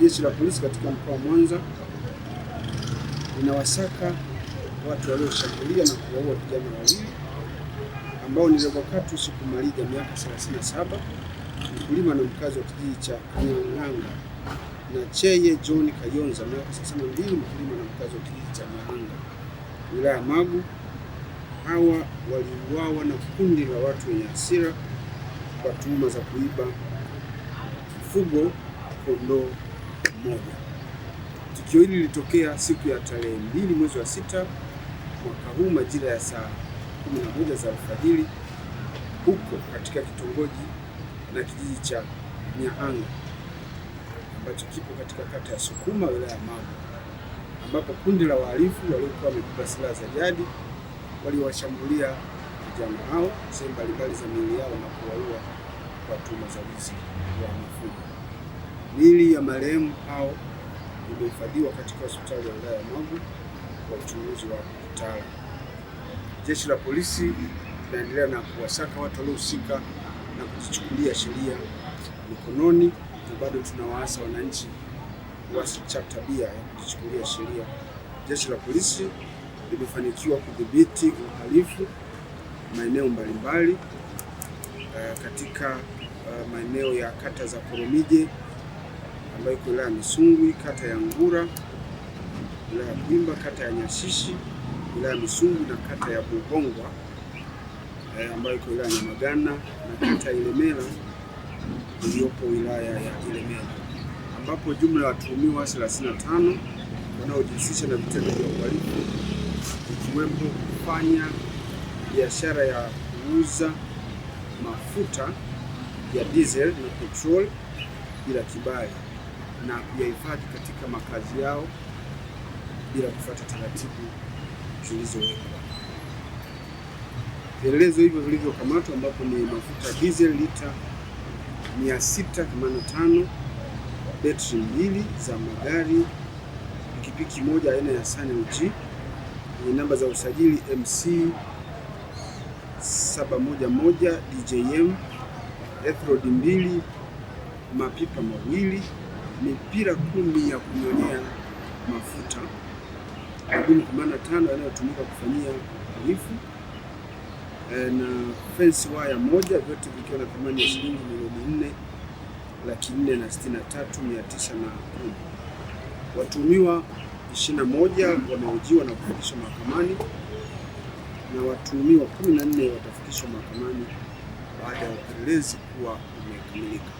Jeshi la polisi katika mkoa wa Mwanza linawasaka watu walioshambulia na kuwaua vijana wawili ambao ni Revocatus Kumaliga miaka 37, mkulima na mkazi wa kijiji cha Kanyang'anga na Cheye John Kayonza miaka 32, mkulima na mkazi wa kijiji cha Mahanga wilaya Magu. Hawa waliuawa na kundi la watu wenye hasira kwa tuhuma za kuiba mfugo kondoo moja. Tukio hili lilitokea siku ya tarehe mbili mwezi wa sita mwaka huu majira ya saa moja za alfajiri huko katika kitongoji na kijiji cha Nyahanga ambacho kipo katika kata ya Sukuma wilaya ya Magu, ambapo kundi la wahalifu waliokuwa wamebeba silaha za jadi waliwashambulia vijana hao sehemu mbalimbali za miili yao na kuwaua kwa tuhuma za wizi wa mifugo. Miili ya marehemu hao imehifadhiwa katika hospitali ya wilaya ya Magu kwa uchunguzi wa kitaalamu. Jeshi la polisi linaendelea na kuwasaka watu waliohusika na kuzichukulia sheria mikononi, na bado tunawaasa wananchi wasicha tabia ya kuzichukulia sheria. Jeshi la polisi limefanikiwa kudhibiti uhalifu maeneo mbalimbali eh, katika eh, maeneo ya kata za Koromije ambayo iko wilaya ya Misungwi kata ya Ngura, wilaya ya Kwimba kata ya Nyashishi, wilaya ya Misungwi na kata ya Bugongwa eh, ambayo iko wilaya ya Nyamagana na kata ya Ilemela iliyopo wilaya ya Ilemela, ambapo jumla ya watuhumiwa 35 wanaojihusisha na vitendo vya uhalifu ikiwemo kufanya biashara ya kuuza mafuta ya diesel na petrol bila kibali na kuyahifadhi katika makazi yao bila kufuata taratibu zilizowekwa. Vielelezo hivyo vilivyokamatwa ambapo ni mafuta diesel lita 685, betri mbili za magari, pikipiki moja aina ya SANLG yenye namba za usajili MC 711 DJM, ethrod mbili, mapipa mawili mipira kumi ya kunyonyea mafuta madumu tano yanayotumika kufanyia uhalifu e, na fence waya moja, vyote vikiwa na thamani ya shilingi milioni nne laki nne na sitini na tatu mia tisa na kumi. Watuhumiwa 21 wamehojiwa na kufikishwa mahakamani na watuhumiwa 14 watafikishwa mahakamani baada ya upelelezi kuwa umekamilika.